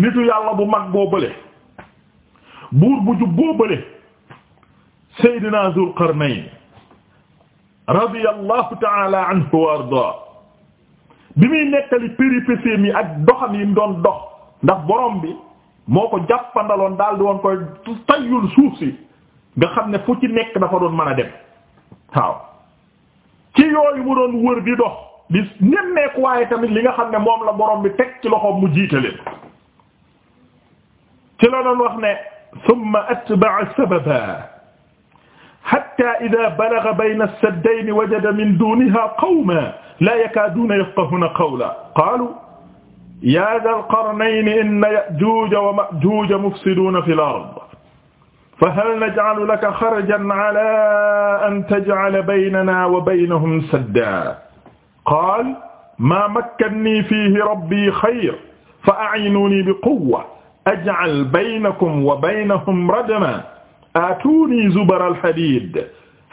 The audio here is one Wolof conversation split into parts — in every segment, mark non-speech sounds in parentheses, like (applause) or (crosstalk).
nitu yàlla bu mag boo bële buur bu jub boo bële Seydina Zul Qarnayn radiyallahu ta'ala anhu wa ardaa bi muy nettali péripéties yi ak doxam yi doon dox ndax borom bi moo ko jàppandaloon daal di woon koy tayyul suuf si nga xam ne fu ci nekk dafa doon mën a dem waaw ci yooyu mu doon wër di dox di nemmeeku waaye tamit li nga xam ne moom la borom bi teg ci loxoom mu jiite ci la doon wax ne thumma atba'a sababa hatta idha balagha bayna as-saddayn wajada min duniha qawman la yakaduna yafqahuna qawla qalu ya dha al-qarnayn inna ya'juja wa ma'juja mufsiduna fil ard fahal naj'alu laka xarjan ala an taj'ala baynana wa baynahum sadda qala ma makkannii fihi rabbi xayr fa a'inuni bi quwwa aj'al baynakum wa baynahum radma aatuni zubara al-hadid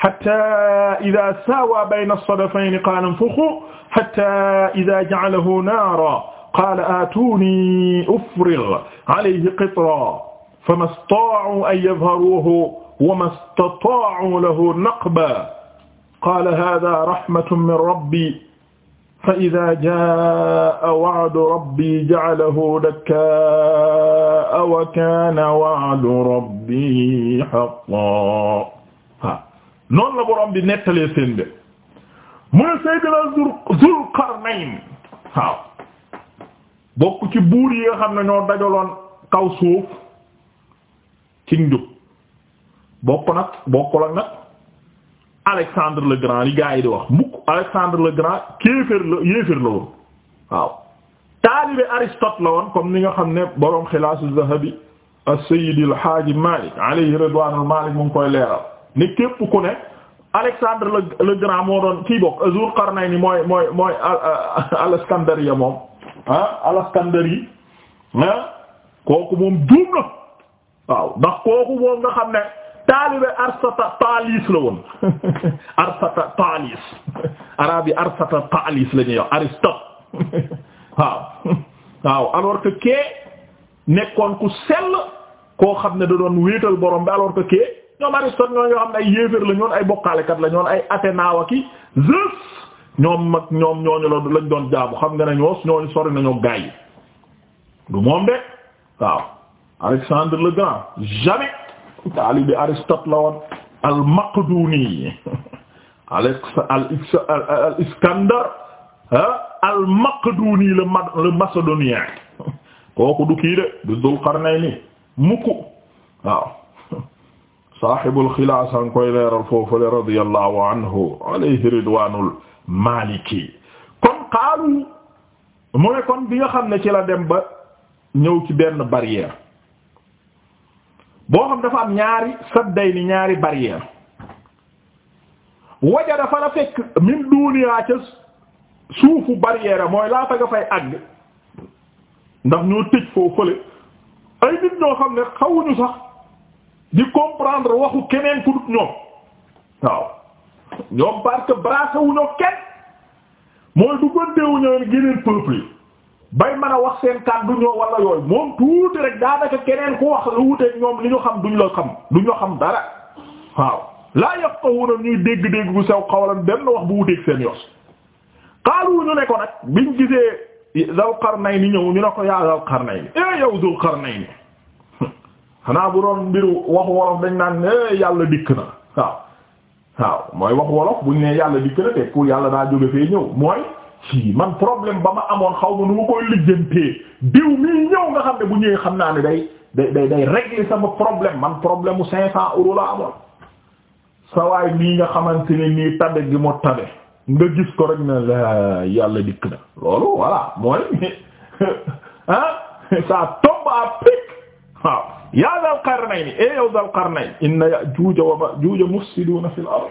hatta idha sawa bayna as-sadafayni qala anfukhu hatta idha ja'alahu nara qala aatuni ufrigh alayhi qitra fama istata'u an yadhharuhu wa ma istata'u lahu naqba qala hadha rahmatun min rabbi fa idaa jaa'a wa'du rabbii ja'alahu dakkaa'a wa kaana wa'du rabbii haqqan noonu la borom bi nettalee seen bi mu ne Seydina Zulqarnayn waaw bokk ci buur yi nga xam ne ñoo dajaloon kaw suuf ci njub le Grand li gaa yi Alexandre le Grand kéefër la yéefër la woon waaw comme ni nga xam ne boroom xilaasu zahabi as-Sayyid al-Haaji Malik alayhi ridwaanul Malik mu koy leeral ni képp ku ne Alexandre le Grand moo doon kii bokk Zul-Qarnayni mooy mooy mooy al-Iskandariya moom ah al ah, kooku moom juum na waaw kooku moom nga xam ne taalibe arsata taalis la woon (laughs) arsata taalis arabe yi arsata taalis la ñuy wax Aristote waaw waaw alors que kee nekkoon ku sell koo xam ne da doon wéetal borom bi alors que kee ñoom Aristote ñoo xam ne ay yéeféer la ñoon ay bokkaalekat la ñoon ay Athéna wa ki ñoom mag ñoom ñooñu la lañ doon jaamu xam nga ne ñoos ñooñu sori nañoo gaa yi moom de waaw Alexandre le Grand jamais taalibi Aristote la woon al-Maqduni al Iskandar ah, al-Maqduni le le macédonien kooku du kii de du Dul Qarnayni mukk waaw sahibul xilaasa nga koy leeral foofule radiyallahu anhu alayhi ridwanul maliki kon qaalu mu kon bi nga xam ne ci la dem ba ñëw ci benn barrière boo xam dafa am ñaari sadday ni ñaari barrière waja dafa la fekk min duniyaa ca suufu barrière mooy laata nga fay àgg ndax ñoo tëj foofu fële ay nit ñoo xam ne xawuñu sax di comprendre waxu keneen ku dut ñoom waaw ñoom parce que brassé wuñoo kenn mooy du gëndeewuñoo yeneen peuple yi bay mën a wax seen kàddu ñoo wala yooyu moom tuuti rek daanaka keneen ku wax lu wuteeg ñoom li ñu xam duñ la xam duñ la xam dara waaw laa yafqahuna ñuy dégg-dégg bu sew xawalan benn wax bu wuteeg seen yos xaalu ñu ne ko nag biñ gisee Dul Qarnayni ñëw ñu ne ko yaa Dul Qarnayni eh yow Dul Qarnayni (laughs) xanaa bu doon mbiru waxu wolof dañ naan eh yàlla dikk na waaw waaw mooy waxu wolof buñ ne yàlla dikk na te pour yàlla daa jóge fee ñëw mooy. fii man problème ba ma amoon xaw ma nu ma koy lijjantee diw mii ñëw nga xam ne bu ñëwee xam naa ne day day day day sama problème man problème mu 500 euros la amoon. sawaay mii nga xamante ne nii tabe gi moo tabe nga gis ko rek na la yàlla dikk na loolu voilà mooy (laughs) ah (laughs) ça tombe à pic waaw yaa Dal Qarnayni eh yow Dal Qarnayni inna Ya'juuj wa Ma'juuj mufsiduuna fil ard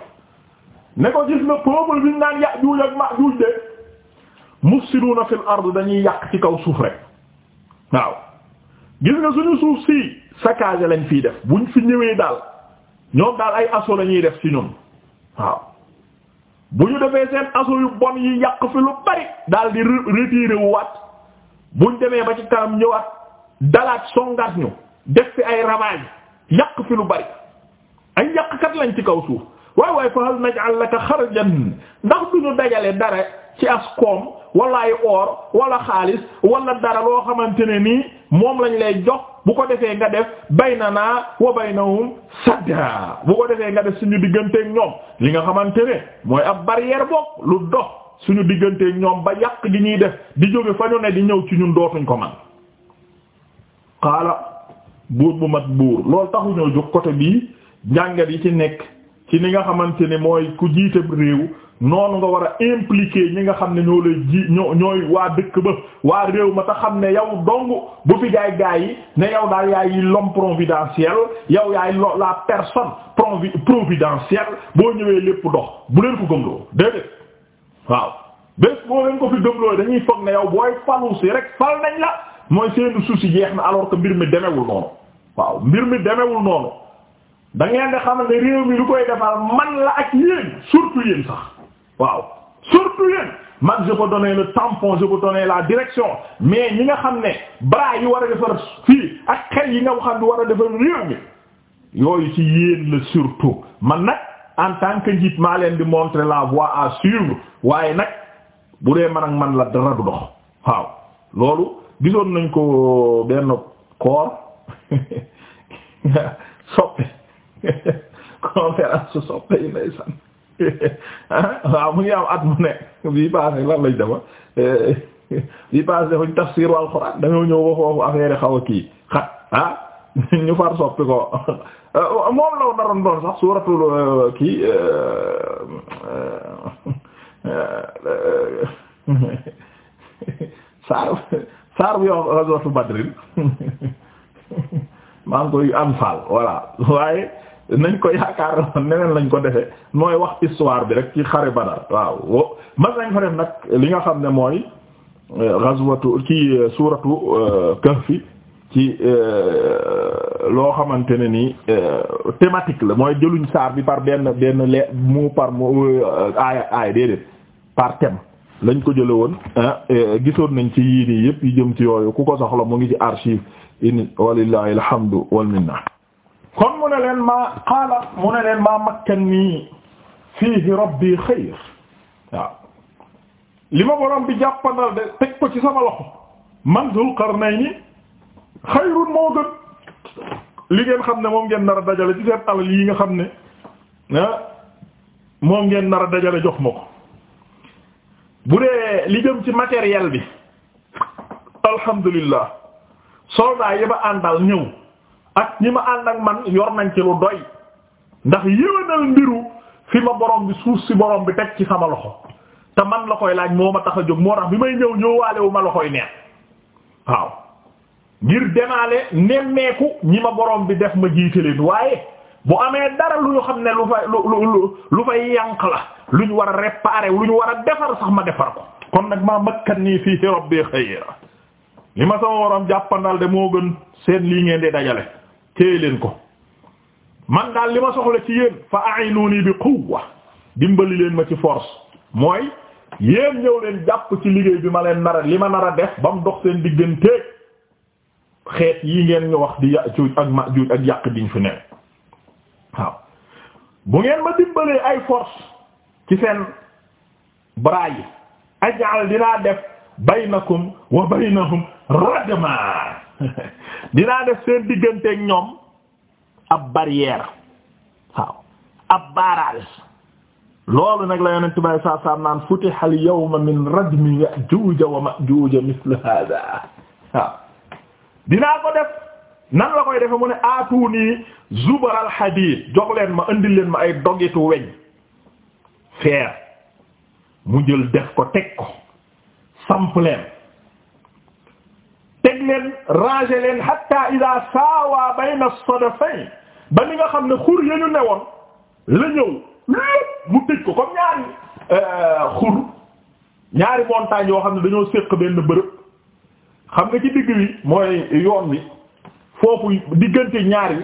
ne ko gis na mufsiduuna fil ard dañuy yàq ci kaw suuf rek waaw gis nga suñu suuf si saccage lañ fii def buñ fi ñëwee daal ñoom daal ay aso la ñuy def ci ñun waaw bu ñu defee seen asso yu bon yi yàq fi lu bari daal di retiré wu waat buñ demee ba ci kanam ñëwaat dalaat songaat ñu def fi ay ravage yàq fi lu bari ay yàqkat lañ ci kaw suuf waay waay fa hal naj'al laka xarjan ndax duñu dajale dara ci as wala ay or wala xaalis wala dara loo xamante ne nii moom lañ lay jox bu ko defee nga def baynana wa baynahum sadda bu ko defee nga def suñu digganteeg ñoom li nga xamante ne mooy ab barrière bokk lu dox suñu digganteeg ñoom ba yàq gi ñuy def di jóge fa ñu ne di ñëw ci ñun dootuñ ko man xaala buur bu mat buur lool taxu ñoo jóg côté bii njàngat yi ci nekk ci ni nga xamante ne mooy ku jiite réew noonu nga war a impliqué ñi nga xam ne ñoo lay ji ñoo ñooy waa dëkk ba waa réew ma te xam ne yow dong bu fi gaay gaay yi ne yow daal yaay l'homme providentiel yow yaay lo la personne provi providentielle boo ñëwee lépp dox bu leen ko gëmloo déedéet waaw bés ko fi dañuy foog na yow booy falu si rek fal nañ la mooy seen suuf si jeex na alors ko mbir mi demewul noonu waaw mbir mi demewul noonu da ngeen di xam ne réew mi lu koy defal man la ak yéen surtout yéen sax. waaw surtout yéen man je peux donner le tampon je peux donner la direction mais ñi nga xam ne bras yi war a defar fii ak xel yi nga xam war a defar réew mi yooyu ci yéen la surtout man nag en tant que njiit maa leen di montrer la voie à suivre waaye nag bu dee man ak man la dara du dox waaw loolu gisoon nañ ko benn koor (laughs) soppe (laughs) conférence soppe yi nday san Ah, waaw mu ngi am at bii passé lan lañ dama bii passé defuñ tafsir wal Qur'an dañoo ñëw ba foofu affaire xaw a kii xat ah ñu far soppi ko moom law daroon doon sax suuratul kii saar bu yow ghazwatu Badr maa ngi koy anfal voilà waaye nañ ko yaakaar (laughs) neneen lañ ko defee mooy wax histoire bi rek ci xare Badar waaw man nañ fa def nag li nga xam ne mooy euh, ghazwatu ci euh, suuratu euh, Kahfi ci loo xamante ne ni thématique la mooy jëluñ saar bi par benn benn le mu par mu aaya aaya déedéet par thème lañ ko jële woon gisoon nañ ci yii nii yëpp yi jëm ci yooyu ku ko soxla mu ngi ci archive in walillahi alhamdu wal kon mu ne leen maa qaala mu ne leen maa makkani fiihi rabbi xayr waaw li ma borom bi jàppandal de teg ko ci sama loxo man Dul Qarnayni xayrun moo gën li ngeen xam ne moom ngeen nar a dajale ci seen li yi nga xam ne moo ah, moom ngeen nar a dajale jox ma bu dee li jëm ci matériel bi alhamdulillah soldat yi ba àndal ñëw. ak ñi ma ànd ak man yor nañ ci lu doy ndax yéwénal mbiru fi ma borom bi suuf si borom bi teg ci sama loxo te man loxoy koy laaj moo ma tax a jóg moo tax bi may ñëw ñëwaale wu ma loxoy koy neex waaw ngir demaale nemmeeku ñi ma borom bi def ma jiite leen waaye bu amee dara lu ñu xam ne lu fay lu fay yànq la lu ñu war a réparer lu ñu war a defar sax ma defar ko kon nag maa makkat nii fii rabbi xayra li ma sama waroon jàppandal de moo gën seen lii ngeen di dajale. téye leen ko man daal li ma soxla ci yéen fa a'inuni bi quwwa dimbali leen ma ci force mooy yéen ñëw leen jàpp ci liggéey bi ma leen nara li ma nar a def ba mu dox seen digganteeg xeet yi ngeen ñu wax di Yaajuuj ak Maajuuj ak yàq diñ fi ne bu ngeen ma dimbalee ay force ci seen bras yi ajal dinaa def baynakum wa baynahum radma (laughs) dinaa def seen digganteeg ñoom ab barrière waaw ab barrage loolu nag la yonent bay saa saa naan futiha al yawma min radmi ya'juj wa ma'juj misl hada waaw dinaa ko def nan la koy defe mu ne aatu nii zubar al hadid jox leen ma indi leen ma ay dogitu weñ feer mu jël def ko teg ko samp leen leen ranger leen hatta ida saawa bayna as-sadafayn ba li nga xam ne xur ya ne woon la ñëw mu tëj ko comme ñaari euh, xur ñaari montagne yoo xam ne dañoo séq benn bërëb xam nga ci digg bi mooy yoon wi foofu diggante ñaar yi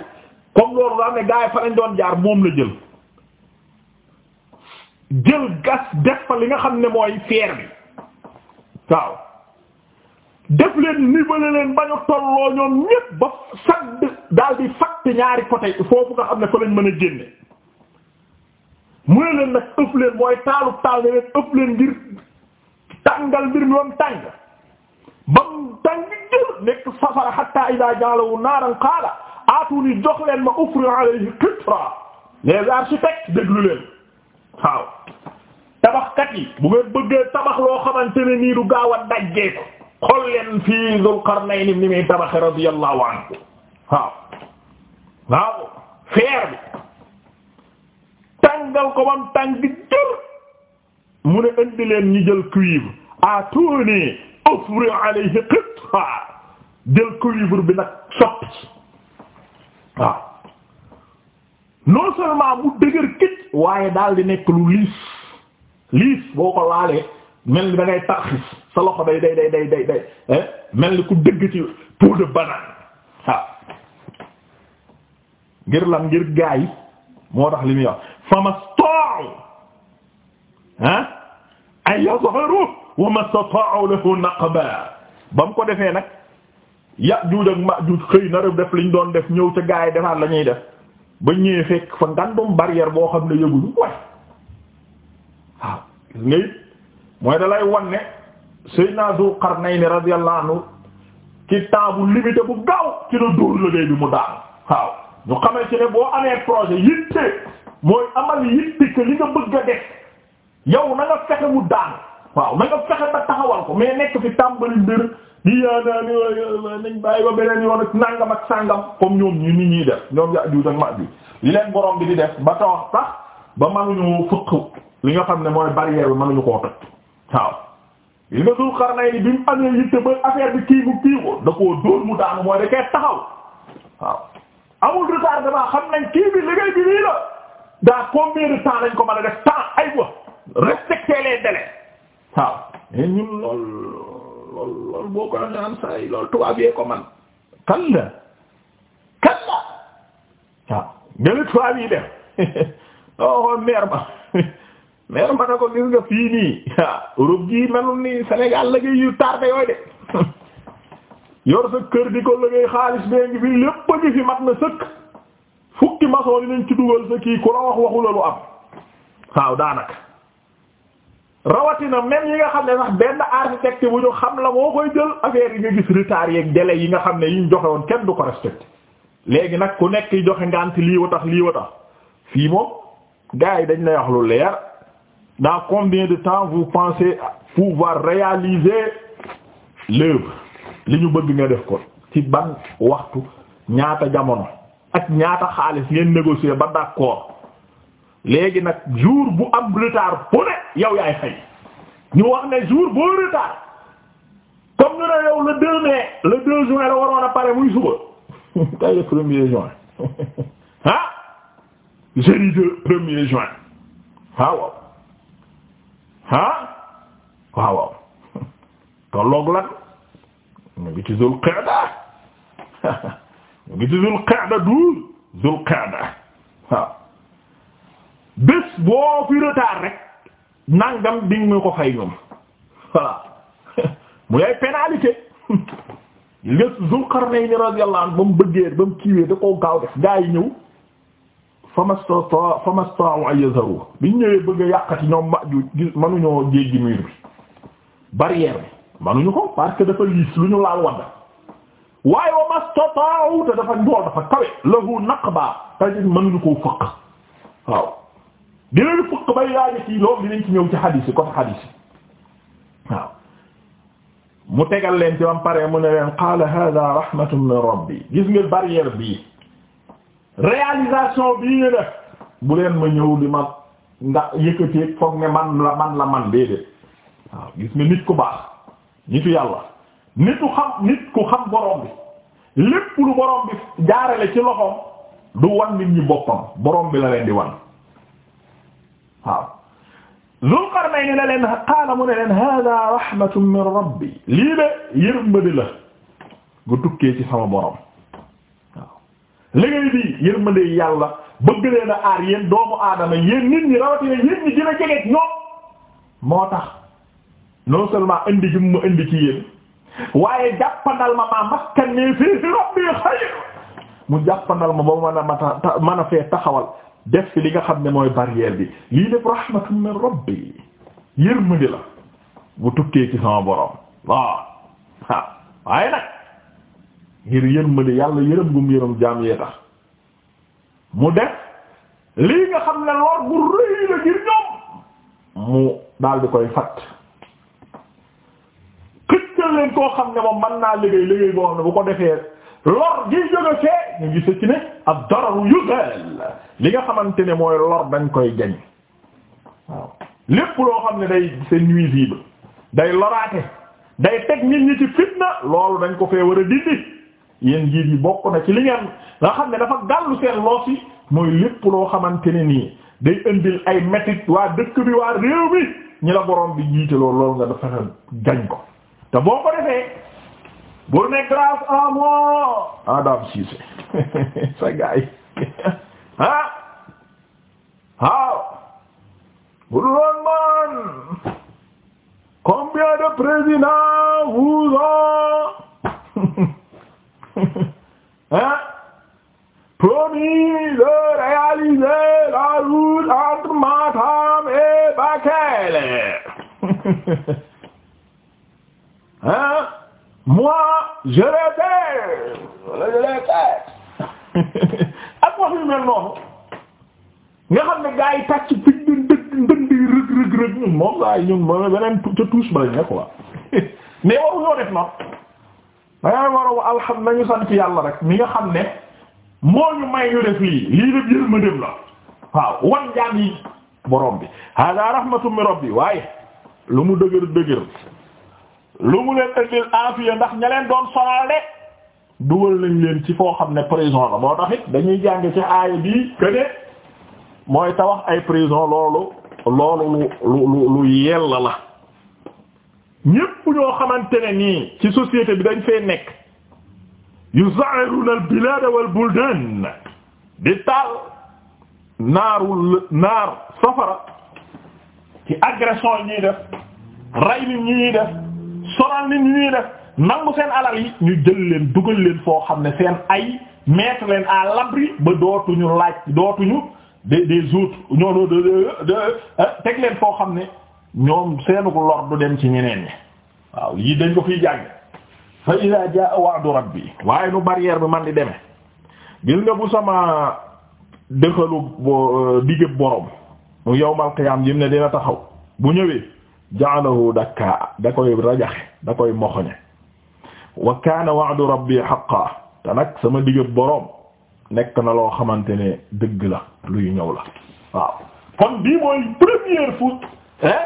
comme loolu daal ne gaa fa lañ doon jaar moom la jël jël gas def fa li nga xam ne mooy feer bi waaw def leen nivele leen bañu tolloo ñoom ñépp ba sadd daal di fatt ñaari côté foofu nga xam ne fa lañ mën a génne mu leen nag ëpp leen mooy taalu taal ne leen ëpp leen ngir tàngal mbir mi bam tàng bam tàng jël nekk safara hatta ida ja'alahu naaran qaala aatuni jox leen ma ufri alayhi qitra les architectes déglu leen waaw tabaxkat yi bu ngeen bëggee tabax loo xamante ne nii du gaaw a dajjee ko xool leen fii Dul Qarnayn ni muy tabaxe radiyallahu anhu waaw waaw feer bi tàngal ko bam tàng di jër mu ne indi leen ñi jël cuivre atuni ufri alayhi qitra jël cuivre bi nag sotti ci waaw non seulement mu dëgër këcc waaye daal di nekk lu liis liis boo ko laalee mel ni da ngay sa loxo day day day day day eh? mel ni ku dëgg ci peau de banane waaw ngir lan ngir gaa moo tax li muy wax famasta'u ah ay yazharu wa mastata'u lahu naqba ba mu ko defee nag Yaajuuj ak Maajuuj xëy na def liñ doon def ñëw ca gaa yi defaat la ñuy def ba ñëwee fekk fa ngandum barrière boo xam ne yëgul way waaw ngay mooy dalay wan ne Seydina Dul Qarnayni radiyallahu anhu ci temps bu limité bu gaaw ci la dóor liggéey bi mu daal waaw ñu xamee ci ne boo amee projet yitte mooy amal yitte que li nga bëgg a def yow na nga fexe mu daan waaw na nga fexe ba taxawal ko mais nekk fi tàmbali mbir di yaadaani nañ bàyyi ba beneen yoon ak nàngam ak sàngam comme ñoom ñi nit ñiy def ñoom ya diw ma bi li leen borom bi di def ba tax tax ba mënuñu fëq li nga xam ne mooy barrière bi mënuñu koo toj waaw gis nga Dul Qarnayni bi mu amee yitte ba affaire bi kii bu kii ko da koo mu daanu mooy da koy taxaw waaw amul retardement xam nañ kii bi liggéey bi nii la dans combien de temps lañ ko mën a def temps ay wa respecter les délais waaw mais ñun lool lool lool boo ko naan saa yi lool tubaab yee ko man kan la kan la waaw nga la tubaab yi def oo maire ba mais ma ko gis nga fii nii Europe gi melul nii Sénégal la yu tardé yooyu de yor sa kër di ko liggéey xaalis bee ngi fi lépp ngi fi mat na sëkk fukki maçon dinañ ci dugal sa kii ku la wax am waaw daanaka rawatina même yi nga xam ne sax benn architecte bu ñu xam la moo koy jël affaire yi nga gis retard yeeg délai yi nga xam ne yi ñu joxe woon kenn du ko respecté léegi nag ku nekk joxe ngànt lii wa lii wa tax fii moom gars yi dañ lay wax lu leer. dans combien de temps vous pensez pouvoir réaliser l'œuvre li ñu bëgg nga def ko ci ban waxtu ñaata jamono ak ñaata xaalis ngeen négocier ba d'accord léegi nag jour bu am retard bu ne yow yaay fay ñu wax ne jour boo retard comme ñu ne le 2 mai le 2 juin la waroon a pare muy suba (laughs) tey le premier juin (laughs) ah jeudi premier juin ah, ah waaw waaw (laughs) tolloog lan ñu ngi ci zul qa'da (laughs) ñu ngi ci zul qa'da du zul qa'da waaw bés boo fi retard rek nangam ding mu ko fay ñoom (laughs) mu yaay pénalité gis zul qarnayni radiyallahu anhu ba mu bëggee ba mu kiiwee da koo gaaw def gaa yi ñëw famastata famasta'u an yazharu biñ ñëwee bëgg a yàqati ñoom Maajuuj gis mënuñoo jéggi mur bi barrière bi mënuñu ko parce dafa liis lu ñu laal wadd waaye wa mastata'u te dafa njool dafa kawe lahu naqba tajit mënuñu koo fëq waaw dinañu fëq bay yaaja ci loolu dinañ ci ñëw ci xadiis yi côté xadiis waaw mu tegal leen ci bam pare mu ne leen qaala hada rahmatun min rabbi gis nga barrière bii réalisation bi ñu def bu leen ma ñëw di ma nga yëkkatee foog ne man la man la man déedéet waaw gis nga nit ku baax nitu yàlla nitu xam nit ku xam borom bi lépp lu borom bi jaarale ci loxo du wan nit ñi boppam borom bi la leen di wan waaw Zul Qarnayni la leen qaala mu ne leen hada rahmatun min rabbi lii de yërmande la nga tukkee ci sama borom liggéey bi yërmande yàlla bëgg leen a aar yéen doomu aadama yéen nit ñi rawatina yéen ñi dina jege ñoom moo tax non seulement indi gi mu indi ci yéen waaye jàppandal ma maa makkan nii fii rabbi xayr mu jàppandal ma ba mën a mata a fee taxawal def fi li nga xam ne mooy barrière bi lii def rahmatun min rabbi yërmande la bu tukkee ci sama borom waaw waaye nag. ngir yërmande yàlla yërëm gum yërëm jaam yee tax mu def lii nga xam ne lor bu rëy la ngir ñoom mu daal di koy fatt xëccal leen koo xam ne moom man naa liggéey liggéey boo xam ne bu ko defee lor gi jóge fee ñu gisa ci ne ab dararu yugal li nga xamante ne mooy lor dañ koy jañ waaw lépp loo xam ne day c'est nuisible day loraate day teg nit ñi ci fitna loolu dañ ko fee war a dindi yéen njiit yi bokk na ci li ngeen nga xam ne dafa gàllu seen loos yi mooy lépp loo xamante ne nii day indil ay métit waa dëkk bi waa réew bi ñi la borom bi jiite loolu loolu nga dafa jañ ko te boo ko defee bu ne grâce à moi (laughs) sa gaay (laughs) ah waaw ah, bu loolu man combien de présidents vous (laughs) ah (laughs) moi je (laughs) ak wax yu mel noonu nga xam ne gaa yi tàcc fi ñu dënd dënd yi rëg rëg rëg ñun moom gaa yi ñun moom beneen ca tuus ba ne quoi (laughs) mais waru ñoo def noonu danga war a alxam nañu sant yàlla rek mi nga xam ne moo ñu may ñu def lii lii def yërmandeem la waaw wan jaan yi borom bi hada rahmatum min rabbi waaye lu mu dëgër dëgër lu mu leen indil aafiya ndax ña leen doon sonal de dugal nañ leen ci foo xam ne prison la moo tax it dañuy jàng ci aaya bii que mooy tawax ay prison loolu loolu lu lu lu yell la ñépp ñoo xamante ne nii ci société bi dañ fee nekk yuzairuna al bilad wal buldan di taal naarul naar safara ci agression yi ñuy def rey nit ñi ñuy def sonal nit ñi ñuy def nangu seen alal yi ñu jël leen dugal leen foo xam ne seen ay mettre leen à l'abri ba dootuñu laaj dootuñu des des autres teg leen foo xam ne ñoom seenu lor du dem ci ñeneen ñi waaw yii dañ ko fiy jàng fa iza jaa wa'du rabbi waaye nu barrière bi man di demee gis nga bu sama dëxalu digëb borom mu yawmal qiyaam jim ne dina taxaw bu ñëwee ja'alahu dakka da koy rajaxe da koy moxoñe wa kaana wa'du rabbi haqqan te nag sama digëb boroom nekk na loo xamante ne dëgg la luy ñëw la waaw kon bii mooy première fois eh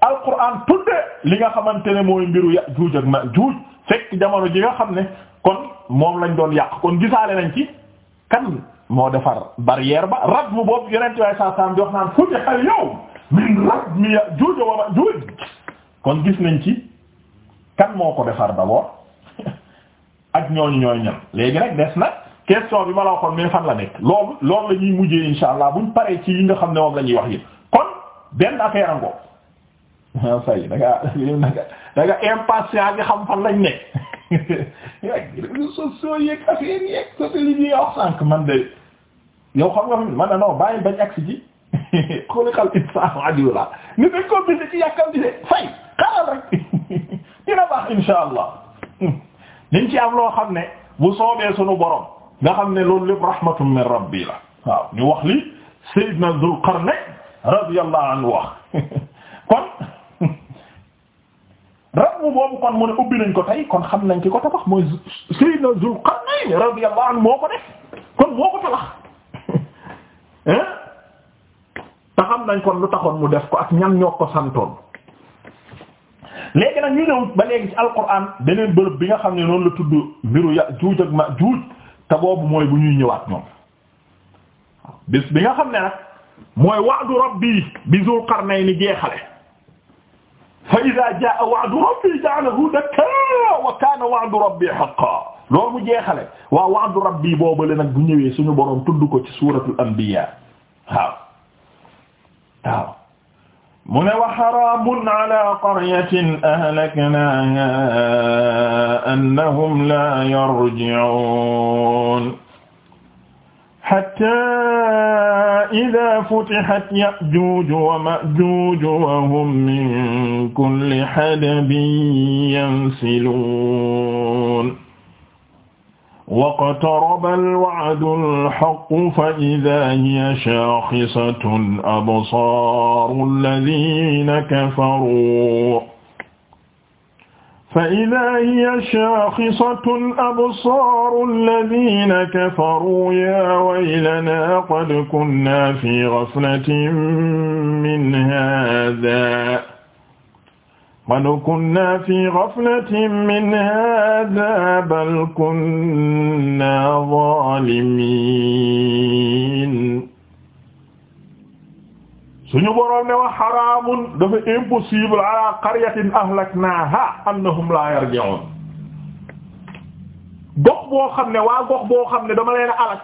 alquran tudde li nga xamante ne mooy mbiru Yaajuuj ak Maajuuj fekk jamono ji nga xam ne kon moom lañ doon yàq kon gisaale nañ ci kan moo defar barrière ba rab mu boobu yeneen tuwaay saa saa jox naan fu ñu xel yow min rab mi ya juuja wa juuj kon gis nañ ci kan moo ko defar d'abord (laughs) ak ñooñu ñooy ñan léegi nag des na question bi ma la waxoon mais fan la nekk loolu loolu la ñuy mujjee insha allah buñ paree ci yi nga xam ne moom la ñuy wax yi kon benn affaire ango waaw (laughs) say (laughs) da nga da nga impatient gi xam fan lañ nekk. yaa ngi réseaux sociaux yeeg affaire yeeg satellites yi wax sànq man de yow xam nga man ne non bàyyi bañ agsi ji (laughs) xuliqal insaanu ajula ni dañ ko bind ci yàkkam di de fay xaaral rek (laughs) dina baax insha allah liñ (laughs) ci am loo xam ne bu soobee sunu borom nga xam ne loolu lépp rahmatun min rabbi la waaw ñu wax li sayyidna Dul Qarnayn radiyallahu anhu wax kon boobu kon mu ne ubbi nañ ko tey kon xam nañ ki ko tabax mooy sayyidna Dul Qarnayn radiyallahu anhu moo ko def kon moo ko tabax te xam nañ kon lu taxoon mu def ko ak ñan ñoo ko santoon léegi nag ñu ñëw ba léegi ci alquran beneen bëlëb bi nga xam ne noonu la tudd mbiru ya juuj ak ma te boobu mooy bu ñuy ñëwaat ñoom bis bi nga xam ne nag mooy wa'du rabbi bi Zul Qarnayni jeexale fa iza jaa wa'du rabbi ja'alahu dakka wa kana wa'du rabbi haqqan loolu mu jeexale waa wa'du rabbi boobale nag bu ñëwee suñu boroom tudd ko ci suuratul anbiya waaw waaw mu ne wa xaraamun ala qaryatin ahlaknaaha annahum la yarji'un xatta ida futixat ya'juuju wa ma'juuju wa hum min kulli xadabin yansiluun waqtaraba alwacdu alxaqu fa ida hiya shaaxisatun absaaru alladina kafaru fa ida hiya shaaxisatun absaaru alladina kafaru yaa waylanaa qad kunnaa fii gaflatin min haadaa qad kunna fi ghaflatin min hadha bal kunna zalimin suñu boroom ne wa xaraamun dafa impossible ala qaryatin ahlaknaha annahum la yarji'un gox boo xam gox boo xam ne dama leen alak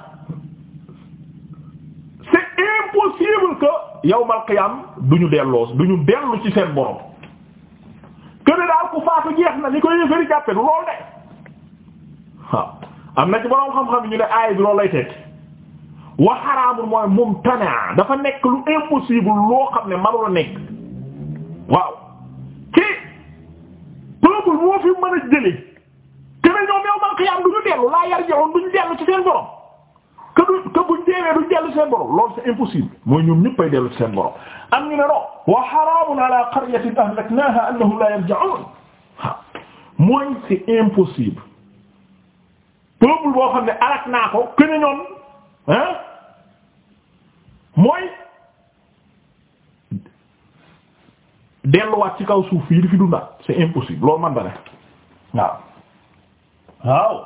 c'est impossible que yawmal qiyam duñu delloo duñu dellu ci seen boroom këne daal ku faatu jeex na ni ko yéefari jàppe du lool de am na ci boroom xam-xam yi ñu ne aay bi loolu lay tekki wa xaraamul mooy mumtana dafa nekk lu impossible loo xam ne manu nekk waaw ci peuple moo fi mën a jële këne ñoom yow man xiyaam du ñu dellu laa yar joxoon du ñu dellu ci seen borom que du que buñ deewee duñ dellu seen borom loolu c'est impossible mooy ñoom ñëppay dellu ci seen borom am ñu ne non wa haramun ala qaryatin ahlaknaha annahum la yarji'un mooy c'est impossible peuple boo xam ne alak naa ko que ne ñoom ci kaw suuf fii di fi dundaat c'est impossible loolu man da ne waaw waaw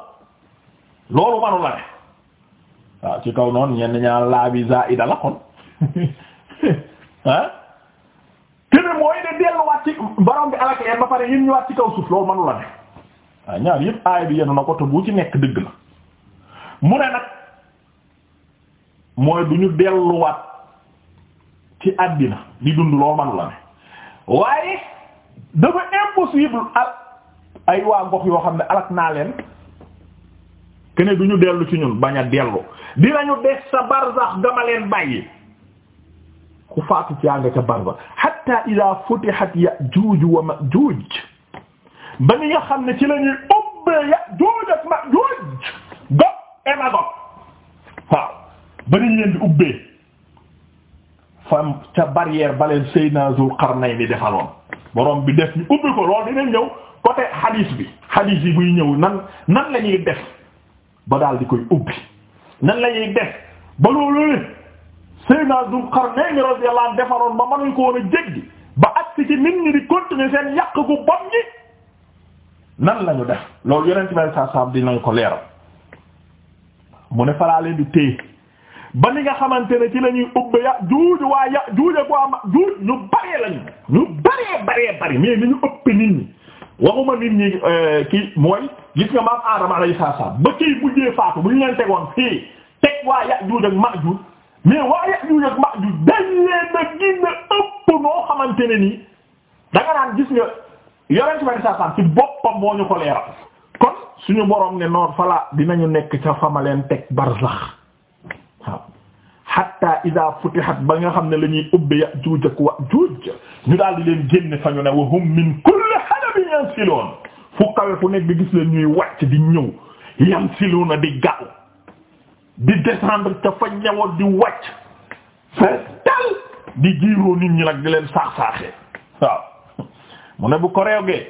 loolu manu la ci kaw noonu ñenn ñaa laabi zaida la (laughs) ah kene mooy de delluwaat ci borom bi alak en ba pare yén ñëwaat ci kaw suuf loolu mënu la ne waaw ah, bi yenu na bu ci nekk dëgg la mu ne nag mooy du ñu delluwaat ci àddina di dund loolu mënu la ne waaye dafa impossible ak ay waa gox yoo xam ne alak naa leen kene du ñu dellu ci ñun bañ a dellu dinañu des sa barzax gama leen bàyyi ku faatu ci yaa nga ca barba hatta ila futihat ya'juj wa ma'juj ba ni nga xam ne ci la ñuy ubbee ya'juj ak ma'juj gog et magog waaw ba ni ñu leen di ubbee fam ca barrière ba leen Seydina Zul Qarnayni defaloon borom bi def ñu ubbi ko loolu dinañ ñëw côté hadith bi hadith yi buy ñëw nan nan la ñuy def ba daal di koy ubbi nan la ñuy def ba loolu Seydina Zulqarnayn radiyallahu anhu defaroon ba mënuñ ko woon a jéggi ba agsi ci nit ñi di continuer seen yàq gu bon ñi nan lañu def loolu yonent may sa ko leeral mu di téye ba ni nga xamante ne ci ñuy ubbe ya juuj waa ya juuj ak ma juuj ñu baree lañu ñu ni euh, ba kii mujjee faatu bu ñu leen tegoon fii teg waa ya juuj ak ma juuj mais waaye ñu ak dañ leen a gis ëpp noo xamante ne nii da nga gis nga yorenti ba saa saam ci boppam moo ñu ko leeral. kon suñu borom ne noor fala dinañu nekk ca fama leen teg barzax waaw hatta iza ba nga xam ne lañuy ñuy ubbe Yaajuuj ak Waajuuj ñu daal di leen génne fa ñu ne wa hum min kulli halabin yansiluun fu kawe fu nekk gis leen ñuy di ñëw yansiluuna di gaaw. di descendre ca fa ñëwoon di wàcc fees tal di jiiroo nit ñi nag di leen saax saaxee waaw mu ne bu ko reewgee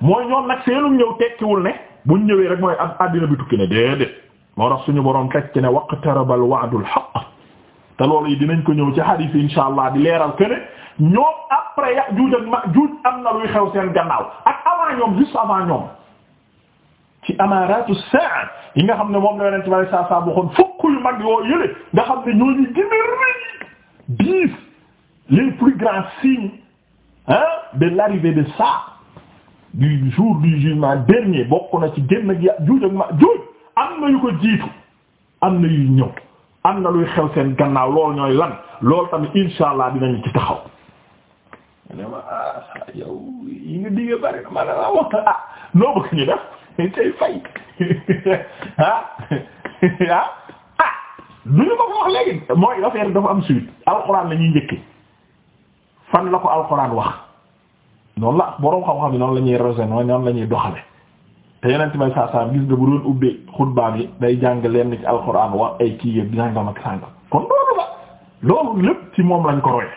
mooy ñoom nag seenum ñëw tekkiwul ne buñ ñëwee rek mooy ab àddina bi tukki ne déedéet moo tax suñu boroom tekki ne waqtarabal wa'dul haqq te loolu yi dinañ ko ñëw ci hadith insha allah di leeral que ne ñoom après ya juuj ak ma juuj am na luy xew seen gannaaw ak avant ñoom juste avant ñoom ci amaaratu saa yi nga xam ne moom la yonent bi saa saa waxoon fukk yu mag yoo yële nga xam ne ñooñu gën a rëy dix les plus grands signes de l'arrivée de ça du jour du jugement dernier bokk na ci génn ak ak ma juuj am na yu ko jiitu am na yu ñëw am na luy xew seen gannaaw lool ñooy lan lool tamit insha allah dinañu ci taxaw ne ah, yi nga digga bari na ma ne ma wax ah noo bëgg ñu def tey fay (laughs) ah. (laughs) ah ah ah duñu ko ko wax léegi mooy affaire dafa am suite alxuraan la ñuy njëkki fan la ko alxuraan wax noon la boroom xam-xam yi noonu la ñuy rosé noonu la ñuy doxale te yeneen may saa saa gis nga bu doon ubbee xutbaam yi day jàng leen ci alxuraan wax ay kii yëpp jàngam ak sàngam kon loolu la loolu lépp ci moom lañ ko roye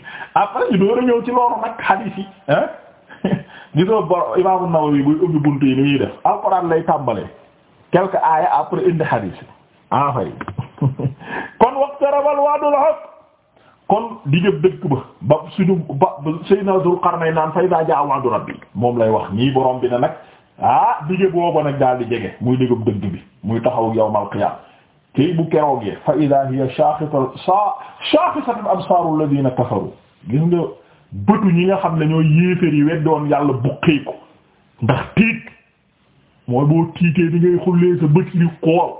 (laughs) après ñu door a ci loolu nag xadiis yi (laughs) gisoo bor Imaamu Nawawi buy ubbi buntu yi ni muy def alxuraan lay tàmbalee quelques aaya après indi hadith en ah, fait (laughs) kon waqtarabal wa'dul haqq kon digëb dëkk ba ba suñu ba Seydina Dul naan fa iza jaa wa'du rabbi moom lay wax nii borom bi ne nag ah digëb boobu nag daal di jege muy digëb dëgg bi muy taxaw yawmal qiyaam tey bu keroogee fa iza hiya shaakhisa shaakhisa absaaru alladhiina kafaru gis nga. bëtu ñi nga xam ne ñoo yéeféer yi weddoon yàlla buqee ko ndax tiit mooy boo tiitee di ngay xullee sa bët di xool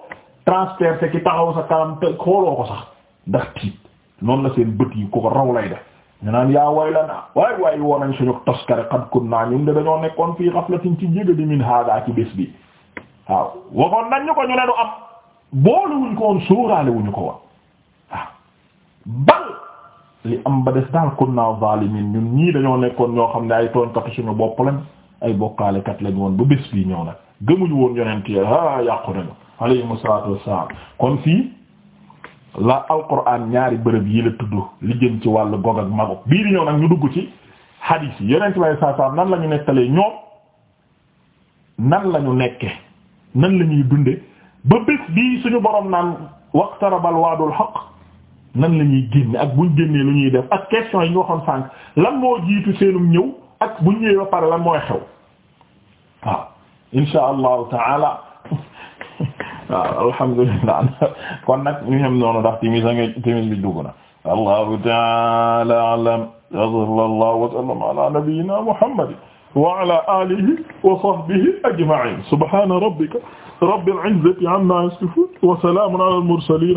sa kanam te ko sax ndax tiit noonu la seen bët yi ko raw lay def ñu naan yaa waylanaa waay waay woo nañ suñu toskare xad kunnaa ñun de dañoo nekkoon fii xaflatin ci jégg di min haadaa ci bés bi waaw waxoon nañ ñu ko ñu ne du am boolewuñ ko woon sóoraale wuñu ko woon waaw li am ba des daal kunnaa zaalimiin ñu ñii dañoo nekkoon ñoo xam ne ay tooñkatu suñu bopp lañ ay bokkaalekat lañ woon ba bés bii ñëw nag gëmuñu woon yonent yi ah yàqu nañu alayhimu salaatu wassalaam kon fii la alquran ñaari bërëb yi la tudd li ci wàll gog ak magog bii di ñëw nag ñu dugg ci hadith yi yonent bi saa saa nan la ñu nekkalee ñoom nan la ñu nekke nan lañuy ñuy dunde ba bés bii suñu borom naan waqtarabal waadul haqq nan la ñuy génne ak buñ génnee lu ñuy def ak question yi ñu waxoon sànq lan moo jiitu seenum ñëw ak buñ ñëwee ba pare lan mooy xew waaw insha allahu taala (laughs) waaw alhamdulillah (laughs) kon nag ñu xem noonu ndax timis a ngi timis bi dugg na allahu taala alam sallallahu wa sallama ala nabiyyina muhammadin wa ala alihi wa sahbihi ajma'in subhana rabbika rabbil izzati amma yasifun wa salamun ala al mursalin